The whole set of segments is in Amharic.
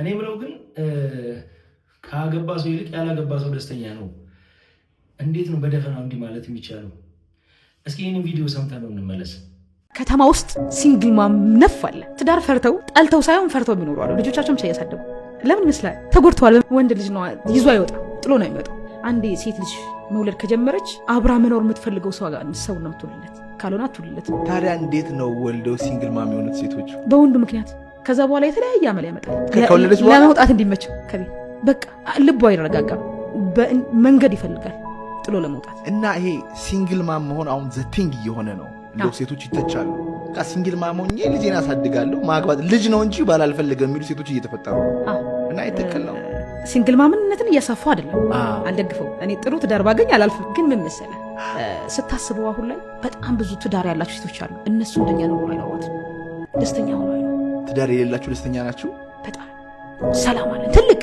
እኔ ብለው ግን ከገባ ሰው ይልቅ ያላገባ ሰው ደስተኛ ነው። እንዴት ነው በደፈናው እንዲህ ማለት የሚቻለው? እስኪ ይህንን ቪዲዮ ሰምተን ነው እንመለስ። ከተማ ውስጥ ሲንግል ማም ነፍ አለ። ትዳር ፈርተው ጠልተው ሳይሆን ፈርተው የሚኖሩ አሉ። ልጆቻቸው ብቻ እያሳደጉ ለምን ይመስላል? ተጎድተዋል። ወንድ ልጅ ነው ይዞ አይወጣ ጥሎ ነው የሚወጣው። አንዴ ሴት ልጅ መውለድ ከጀመረች አብራ መኖር የምትፈልገው ሰው ሰው ነው የምትውልለት፣ ካልሆነ አትውልለት። ታዲያ እንዴት ነው ወልደው ሲንግል ማም የሆኑት ሴቶች በወንዱ ምክንያት ከዛ በኋላ የተለያየ አመል ያመጣል ለመውጣት እንዲመችው ከቤት በቃ ልቡ አይረጋጋም፣ መንገድ ይፈልጋል ጥሎ ለመውጣት እና ይሄ ሲንግል ማም መሆን አሁን ዘቲንግ እየሆነ ነው። እንደው ሴቶች ይተቻሉ። በቃ ሲንግል ማም ሆኜ ልጄን አሳድጋለሁ ማግባት ልጅ ነው እንጂ ባል አልፈልግም የሚሉ ሴቶች እየተፈጠሩ እና ይትክል ነው። ሲንግል ማምነትን እያሳፋ አይደለም፣ አልደግፈው። እኔ ጥሩ ትዳር ባገኝ አላልፍም። ግን ምን መሰለህ ስታስበው አሁን ላይ በጣም ብዙ ትዳር ያላቸው ሴቶች አሉ። እነሱ እንደኛ ኑሮ አይኖሯትም፣ ደስተኛ ሆኗል ትዳር የሌላችሁ ደስተኛ ናችሁ? በጣም ሰላም አለ ትልቅ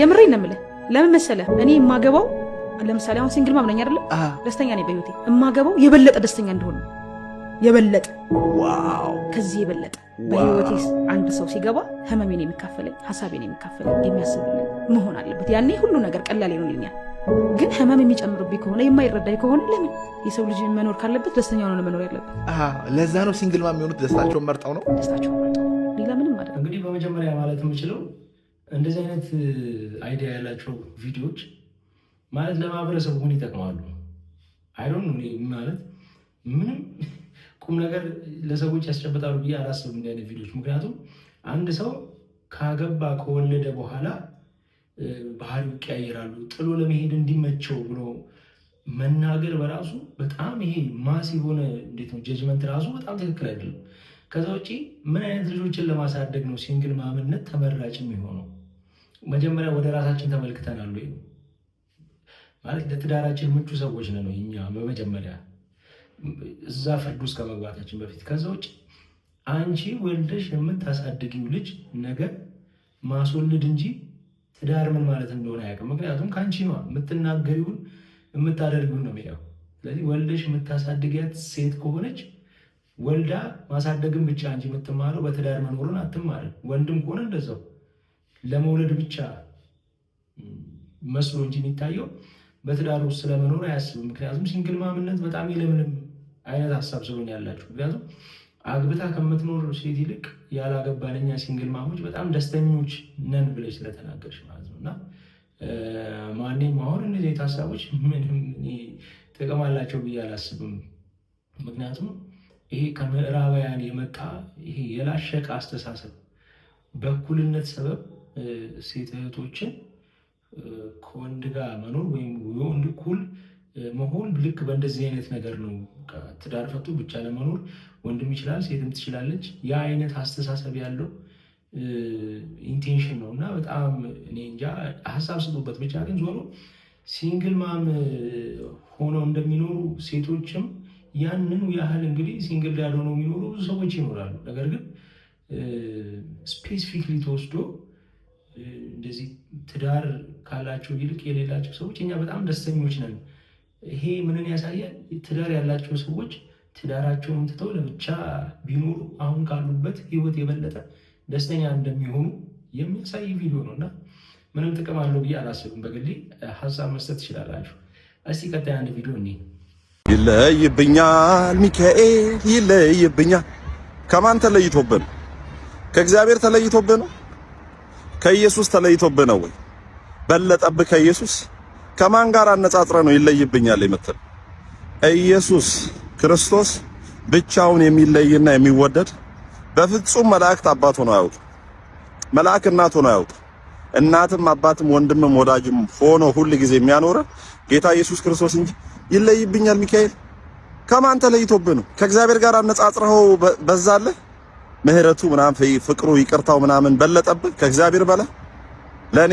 የምሬ ነው የምልህ። ለምን መሰለህ እኔ የማገባው ለምሳሌ አሁን ሲንግል ማምነኝ አይደለ? ደስተኛ ነኝ በህይወቴ። የማገባው የበለጠ ደስተኛ እንደሆነ የበለጠ ዋው፣ ከዚህ የበለጠ በህይወቴ አንድ ሰው ሲገባ ህመሜን የሚካፈለኝ ሀሳቤን የሚካፈለኝ የሚያስብልኝ መሆን አለበት። ያኔ ሁሉ ነገር ቀላል ይሆንልኛል። ግን ህመም የሚጨምርብኝ ከሆነ የማይረዳኝ ከሆነ ለምን የሰው ልጅ መኖር ካለበት ደስተኛ ሆነ መኖር ያለበት። ለዛ ነው ሲንግል ማ የሚሆኑት ደስታቸውን መርጠው ነው ደስታቸውን መርጠው ሌላ ምንም ማለት እንግዲህ በመጀመሪያ ማለት የምችለው እንደዚህ አይነት አይዲያ ያላቸው ቪዲዮዎች ማለት ለማህበረሰቡ ምን ይጠቅማሉ? አይሮን ማለት ምንም ቁም ነገር ለሰዎች ያስጨበጣሉ ብዬ አላስብም እንዲህ አይነት ቪዲዮዎች። ምክንያቱም አንድ ሰው ካገባ ከወለደ በኋላ ባህሪ ይቀያየራሉ። ጥሎ ለመሄድ እንዲመቸው ብሎ መናገር በራሱ በጣም ይሄ ማስ የሆነ እንዴት ነው ጀጅመንት ራሱ በጣም ትክክል አይደለም። ከዛ ውጪ ምን አይነት ልጆችን ለማሳደግ ነው ሲንግል ማምነት ተመራጭ የሚሆነው? መጀመሪያ ወደ ራሳችን ተመልክተናል ወይ ማለት ለትዳራችን ምቹ ሰዎች ነን እኛ በመጀመሪያ እዛ ፍርድ ውስጥ ከመግባታችን በፊት። ከዛ ውጭ አንቺ ወልደሽ የምታሳድጊው ልጅ ነገር ማስወልድ እንጂ ትዳር ምን ማለት እንደሆነ አያውቅም። ምክንያቱም ከአንቺ ነው የምትናገሪውን የምታደርጉን ነው የሚለው። ስለዚህ ወልደሽ የምታሳድጊያት ሴት ከሆነች ወልዳ ማሳደግን ብቻ እንጂ የምትማረው በትዳር መኖሩን አትማርም። ወንድም ከሆነ እንደዛው ለመውለድ ብቻ መስሎ እንጂ የሚታየው በትዳር ውስጥ ስለመኖር አያስብም። ምክንያቱም ሲንግል ማምነት በጣም የለምንም አይነት ሀሳብ ስለሆነ ያላችሁ ምክንያቱም አግብታ ከምትኖር ሴት ይልቅ ያላገባነኛ ሲንግል ማሞች በጣም ደስተኞች ነን ብለሽ ስለተናገርሽ ማለት ነው እና ማንም አሁን እነዚህ አይነት ሀሳቦች ምንም ጥቅም አላቸው ብዬ አላስብም። ምክንያቱም ይሄ ከምዕራባውያን የመጣ ይሄ የላሸቀ አስተሳሰብ በእኩልነት ሰበብ ሴት እህቶችን ከወንድ ጋር መኖር ወይም የወንድ እኩል መሆን ልክ በእንደዚህ አይነት ነገር ነው። ትዳር ፈቱ ብቻ ለመኖር ወንድም ይችላል፣ ሴትም ትችላለች። ያ አይነት አስተሳሰብ ያለው ኢንቴንሽን ነው እና በጣም እኔ እንጃ ሀሳብ ስጡበት። ብቻ ግን ዞሮ ሲንግል ማም ሆነው እንደሚኖሩ ሴቶችም ያንኑ ያህል እንግዲህ ሲንግል ዳድ ሆነው የሚኖሩ ብዙ ሰዎች ይኖራሉ። ነገር ግን ስፔሲፊክሊ ተወስዶ እንደዚህ ትዳር ካላቸው ይልቅ የሌላቸው ሰዎች እኛ በጣም ደስተኞች ነን። ይሄ ምንን ያሳያል? ትዳር ያላቸው ሰዎች ትዳራቸውን ትተው ለብቻ ቢኖሩ አሁን ካሉበት ህይወት የበለጠ ደስተኛ እንደሚሆኑ የሚያሳይ ቪዲዮ ነው እና ምንም ጥቅም አለው ብዬ አላስብም። በግሌ ሀሳብ መስጠት ትችላላችሁ። እስቲ ቀጣይ አንድ ቪዲዮ እኔ ይለይብኛል፣ ሚካኤል ይለይብኛል። ከማን ተለይቶብህ ነው? ከእግዚአብሔር ተለይቶብህ ነው? ከኢየሱስ ተለይቶብህ ነው ወይ? በለጠብ ከኢየሱስ? ከማን ጋር አነጻጽረ ነው ይለይብኛል የምትል ኢየሱስ ክርስቶስ ብቻውን የሚለይና የሚወደድ በፍጹም መላእክት አባት ሆኖ አያውቅ፣ መልአክ እናት ሆኖ አያውቅ። እናትም አባትም ወንድምም ወዳጅም ሆኖ ሁል ጊዜ የሚያኖረ ጌታ ኢየሱስ ክርስቶስ እንጂ ይለይብኛል ሚካኤል ከማን ተለይቶብን? ነው? ከእግዚአብሔር ጋር አነጻጽረው በዛለህ? ምህረቱ ምናምን ፍቅሩ ይቅርታው ምናምን በለጠብህ ከእግዚአብሔር በላ ለኔ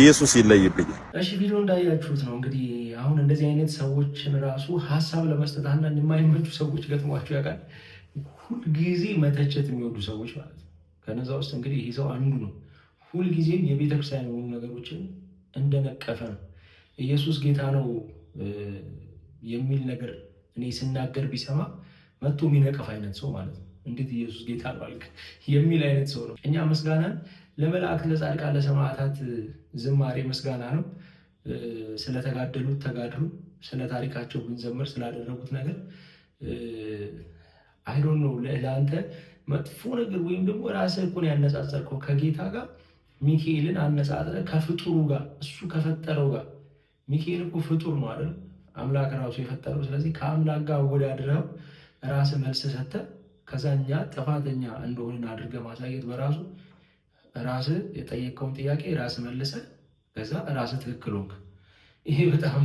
ኢየሱስ ይለይብኛል። እሺ ቪዲዮ እንዳያችሁት ነው እንግዲህ አሁን እንደዚህ አይነት ሰዎችን ራሱ ሀሳብ ለመስጠት አንዳንድ የማይመቹ ሰዎች ገጥሟቸው ያውቃል። ሁልጊዜ መተቸት የሚወዱ ሰዎች ማለት ነው። ከነዛ ውስጥ እንግዲህ ይህ ሰው አንዱ ነው። ሁልጊዜም የቤተክርስቲያን የሆኑ ነገሮችን እንደነቀፈ ነው። ኢየሱስ ጌታ ነው የሚል ነገር እኔ ስናገር ቢሰማ መጥቶ የሚነቀፍ አይነት ሰው ማለት ነው። እንዴት ኢየሱስ ጌታ ነው አልክ የሚል አይነት ሰው ነው። እኛ ምስጋናን ለመላእክት ለጻድቃን፣ ለሰማዕታት ዝማሬ ምስጋና ነው። ስለተጋደሉት ተጋድሉ ስለ ታሪካቸው ብንዘምር ስላደረጉት ነገር አይዶን ነው። ለአንተ መጥፎ ነገር ወይም ደግሞ ራስህ እኮ ነው ያነጻጸርከው ከጌታ ጋር ሚካኤልን አነጻጽረ ከፍጡሩ ጋር እሱ ከፈጠረው ጋር ሚካኤል እኮ ፍጡር ነው አይደል? አምላክ ራሱ የፈጠረው። ስለዚህ ከአምላክ ጋር ወዳድረው ራስ መልስ ሰተ ከዛኛ ጥፋተኛ እንደሆንን አድርገ ማሳየት በራሱ ራስ የጠየቀውን ጥያቄ ራስ መልሰህ ከዛ ራስ ትክክል ሆንክ። ይሄ በጣም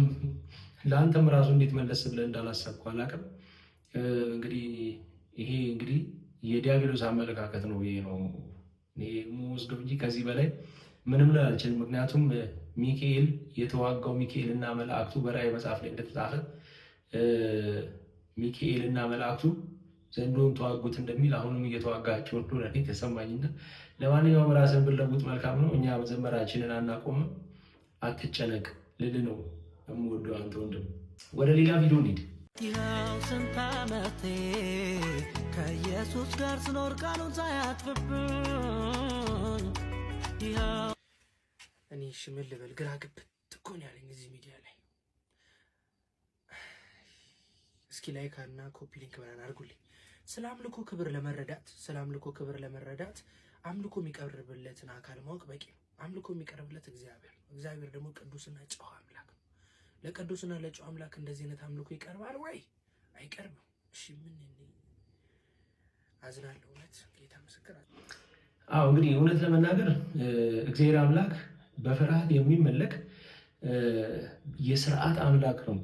ለአንተም ራሱ እንዴት መለስ ብለን እንዳላሰብኩ አላቅም። እንግዲህ ይሄ እንግዲህ የዲያብሎስ አመለካከት ነው። ይሄ ነው ወስደው እንጂ ከዚህ በላይ ምንም ልል አልችልም። ምክንያቱም ሚካኤል የተዋጋው ሚካኤል እና መላእክቱ በራእይ መጽሐፍ ላይ እንደተጻፈ ሚካኤል እና መላእክቱ ዘንዶን ተዋጉት እንደሚል አሁንም እየተዋጋቸው እንደሆነ ተሰማኝና ለማንኛውም ራስን ብለውጥ መልካም ነው። እኛ መዘመራችንን አናቆምም። አትጨነቅ ልል ነው የምወደው አንተ ወንድም። ወደ ሌላ ቪዲዮ እንሂድ። ይኸው ስንት ዓመቴ ከኢየሱስ ጋር ስኖር ቃሉን ሳያጥፍብኝ እኔ እሺ ምን ልበል ግራ ግብት እኮ ነው ያለኝ እዚህ ሚዲያ ላይ። እስኪ ላይክ እና ኮፒ ሊንክ ብለን አድርጉልኝ። ስለ አምልኮ ክብር ለመረዳት ስለ አምልኮ ክብር ለመረዳት አምልኮ የሚቀርብለትን አካል ማወቅ በቂ ነው። አምልኮ የሚቀርብለት እግዚአብሔር ነው። እግዚአብሔር ደግሞ ቅዱስና ጨዋ አምላክ ነው። ለቅዱስና ለጨዋ አምላክ እንደዚህ አይነት አምልኮ ይቀርባል ወይ? አይቀርብም። እሺ ምን አዝናለሁ። እውነት ጌታ ምስክር። አዎ እንግዲህ እውነት ለመናገር እግዚአብሔር አምላክ በፍርሃት የሚመለክ የስርዓት አምላክ ነው።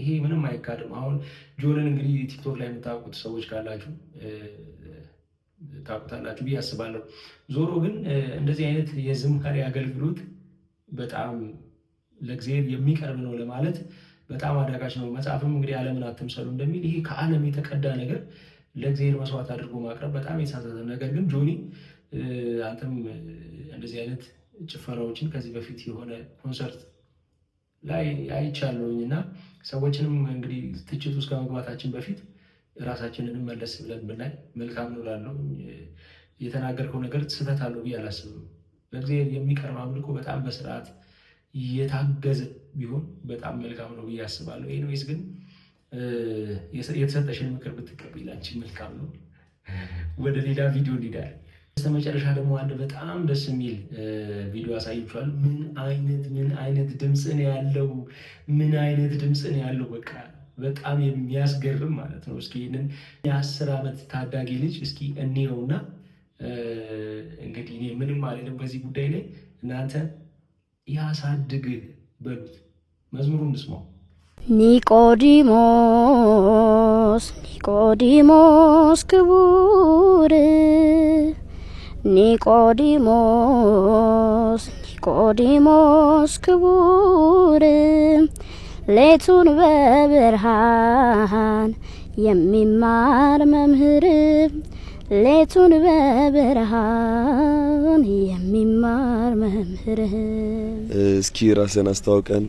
ይሄ ምንም አይካድም። አሁን ጆንን እንግዲህ ቲክቶክ ላይ የምታውቁት ሰዎች ካላችሁ ታቁታላችሁ ብዬ አስባለሁ። ዞሮ ግን እንደዚህ አይነት የዝማሬ አገልግሎት በጣም ለእግዚአብሔር የሚቀርብ ነው ለማለት በጣም አዳጋች ነው። መጽሐፍም እንግዲህ ዓለምን አትምሰሉ እንደሚል ይሄ ከዓለም የተቀዳ ነገር ለእግዚአብሔር መስዋዕት አድርጎ ማቅረብ በጣም የተሳሳተ ነገር። ግን ጆኒ አንተም እንደዚህ አይነት ጭፈራዎችን ከዚህ በፊት የሆነ ኮንሰርት ላይ አይቻለሁኝ እና ሰዎችንም እንግዲህ ትችቱ እስከ ከመግባታችን በፊት ራሳችንንም መለስ ብለን ብናይ መልካም ነው እላለሁ። የተናገርከው ነገር ስህተት አለው ብዬ አላስብም። ለእግዚአብሔር የሚቀርብ አምልኮ በጣም በስርዓት የታገዘ ቢሆን በጣም መልካም ነው ብዬ አስባለሁ። ኤኒዌይስ ግን የተሰጠሽን ምክር ብትቀበይ ላንቺ መልካም ነው። ወደ ሌላ ቪዲዮ እንሄዳለን። በስተመጨረሻ ደግሞ አንድ በጣም ደስ የሚል ቪዲዮ አሳይቸዋል። ምን አይነት ምን አይነት ድምፅ ነው ያለው? ምን አይነት ድምፅ ነው ያለው? በቃ በጣም የሚያስገርም ማለት ነው። እስኪ ይህንን የአስር ዓመት ታዳጊ ልጅ እስኪ እኔ ነውና እንግዲህ እኔ ምንም አልልም በዚህ ጉዳይ ላይ እናንተ ያሳድግህ በሉት። መዝሙሩ እንስማው። ኒቆዲሞስ ኒቆዲሞስ ክቡር ኒቆዲሞስ ኒቆዲሞስ ክቡር ሌቱን በብርሃን የሚማር መምህር ሌቱን በብርሃን የሚማር መምህር። እስኪ ራስን አስተዋውቀን።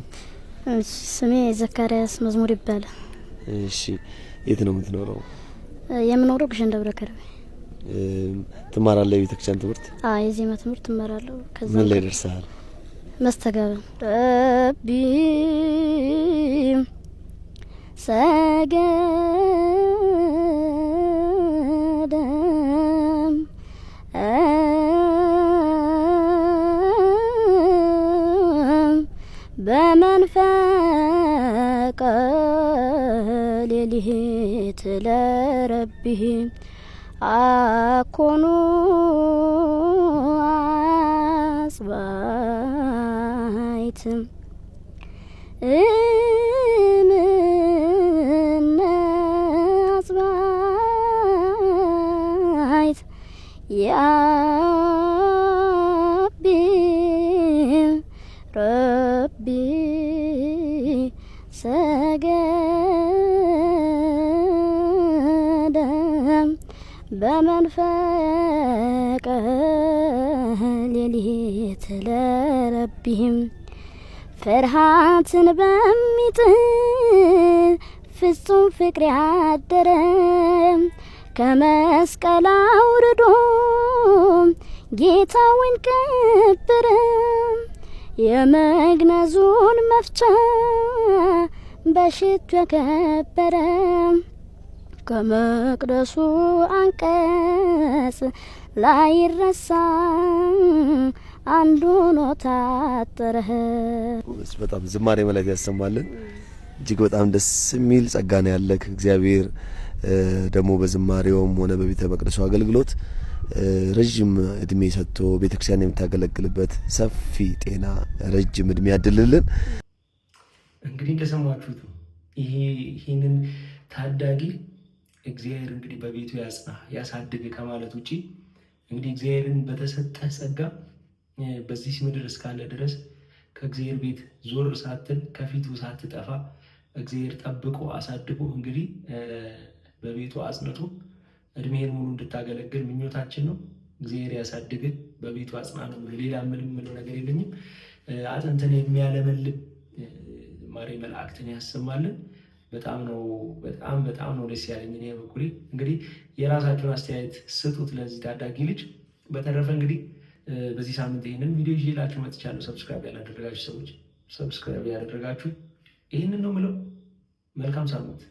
ስሜ ዘካርያስ መዝሙር ይባላል። እሺ፣ የት ነው የምትኖረው? የምኖረው ግሸን ደብረ ከርቤ። ትማራለህ? የቤተክርስቲያን ትምህርት የዜማ ትምህርት ትማራለሁ። ምን ላይ ደርሰሃል? መስተጋብር ረቢ ሰገደም በመንፈቀ ሌሊት ለረቢህ አኮኑ አጽባ እምነ አጽባይት ያቢ ረቢ ሰገደ በመንፈቀ ሌሊት ለረቢህም ፍርሃትን በሚጥል ፍጹም ፍቅር ያደረ ከመስቀል አውርዶ ጌታውን ቀበረ። የመግነዙን መፍቻ በሽቱ ያከበረ ከመቅደሱ አንቀጽ ላይረሳ አንዱ ሆኖ ታጠረህ። በጣም ዝማሬ መለክ ያሰማልን። እጅግ በጣም ደስ የሚል ጸጋ ነው ያለክ። እግዚአብሔር ደግሞ በዝማሬውም ሆነ በቤተ መቅደሱ አገልግሎት ረዥም እድሜ ሰጥቶ ቤተክርስቲያን የምታገለግልበት ሰፊ ጤና፣ ረጅም እድሜ ያድልልን። እንግዲህ እንደሰማችሁት ይህንን ታዳጊ እግዚአብሔር እንግዲህ በቤቱ ያጽና ያሳድግ ከማለት ውጭ እንግዲህ እግዚአብሔርን በተሰጠ ጸጋ በዚህ ምድር እስካለ ድረስ ከእግዚአብሔር ቤት ዞር ሳትል ከፊቱ ሳትጠፋ እግዚአብሔር ጠብቆ አሳድጎ እንግዲህ በቤቱ አጽንቶ እድሜን ሙሉ እንድታገለግል ምኞታችን ነው። እግዚአብሔር ያሳድግን፣ በቤቱ አጽና ነው። ሌላ ምንም ምለው ነገር የለኝም። አጥንትን የሚያለመልም ማሬ መላእክትን ያሰማልን። በጣም ነው በጣም በጣም ነው ደስ ያለኝ። እኔ በኩሌ እንግዲህ የራሳችሁን አስተያየት ስጡት ለዚህ ታዳጊ ልጅ። በተረፈ እንግዲህ በዚህ ሳምንት ይህንን ቪዲዮ ይዤላችሁ መጥቻለሁ። ሰብስክራይብ ያላደረጋችሁ ሰዎች ሰብስክራይብ ያደረጋችሁ፣ ይህንን ነው ምለው። መልካም ሳምንት